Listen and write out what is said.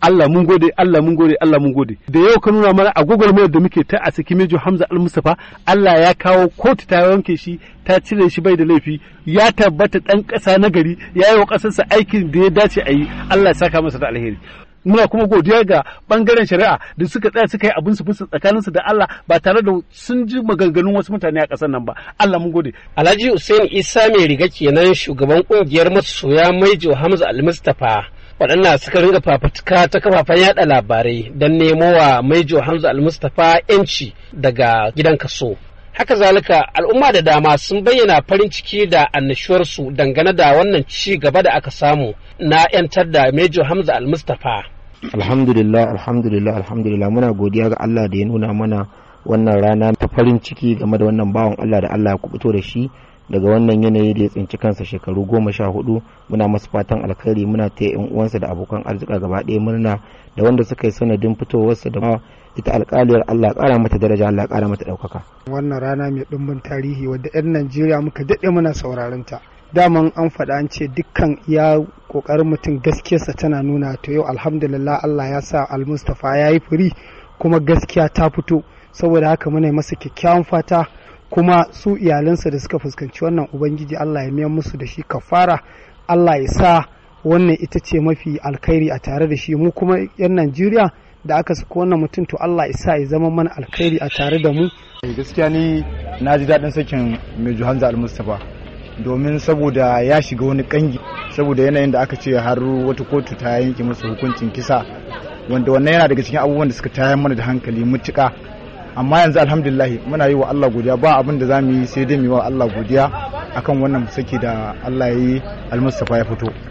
Allah mun gode Allah mun gode Allah mun gode da yau ka nuna mana a gwagwarmayar da muke ta a saki Mejo Hamza Al-Mustafa Allah ya kawo kotu ta yanke shi ta cire shi bai da laifi ya tabbata dan kasa na gari ya yi wa sa aikin da ya dace a yi Allah ya saka masa da alheri muna kuma godiya ga bangaren shari'a da suka tsaya suka yi abin su fusa tsakaninsu da Allah ba tare da sun ji maganganun wasu mutane a ƙasar nan ba Allah mun gode Alhaji Hussein Isa mai riga kenan shugaban kungiyar masoya Mejo Hamza Al-Mustafa waɗannan suka ringa fafutuka ta kafafen yada labarai don nemo wa maijo hamza almustapha yanci daga gidan kaso haka zalika al'umma da dama sun bayyana farin ciki da annashuwarsu dangane da wannan ci gaba da aka samu na 'yantar da mejo hamza almustapha alhamdulillah alhamdulillah alhamdulillah muna godiya ga allah da ya nuna mana wannan rana ta farin ciki game da wannan bawan allah da allah ya kubuto da shi daga wannan yanayi da ya tsinci kansa shekaru goma sha hudu muna masu fatan alkhairi muna ta yan uwansa da abokan arzika gaba ɗaya murna da wanda suka yi sanadin fitowarsa da ita alkaliyar Allah kara mata daraja Allah ƙara mata ɗaukaka. wannan rana mai ɗumbin tarihi wadda 'yan Najeriya muka daɗe muna sauraron ta daman an faɗa an ce dukkan ya ƙoƙarin mutum gaskiyarsa tana nuna to yau alhamdulillah Allah ya sa almustafa ya yi firi kuma gaskiya ta fito saboda haka muna masa kyakkyawan fata kuma su iyalinsa da suka fuskanci wannan ubangiji Allah ya miyan musu da shi kafara Allah ya sa wannan ita ce mafi alkhairi a tare da shi mu kuma 'yan Najeriya da aka saka wannan mutum to Allah ya sa ya zama mana alkhairi a tare da mu eh, gaskiya ni na ji daɗin sakin mai Juhanza Al-Mustafa domin saboda ya shiga wani kangi saboda yanayin da aka ce har wata kotu ta yanke musu hukuncin kisa wanda wannan yana daga cikin abubuwan da suka tayar mana da hankali mutuka amma yanzu alhamdulahi muna yi wa Allah godiya ba abin da za mu yi sai dai mu yi wa Allah godiya akan wannan saki da Allah ya yi almustafa ya fito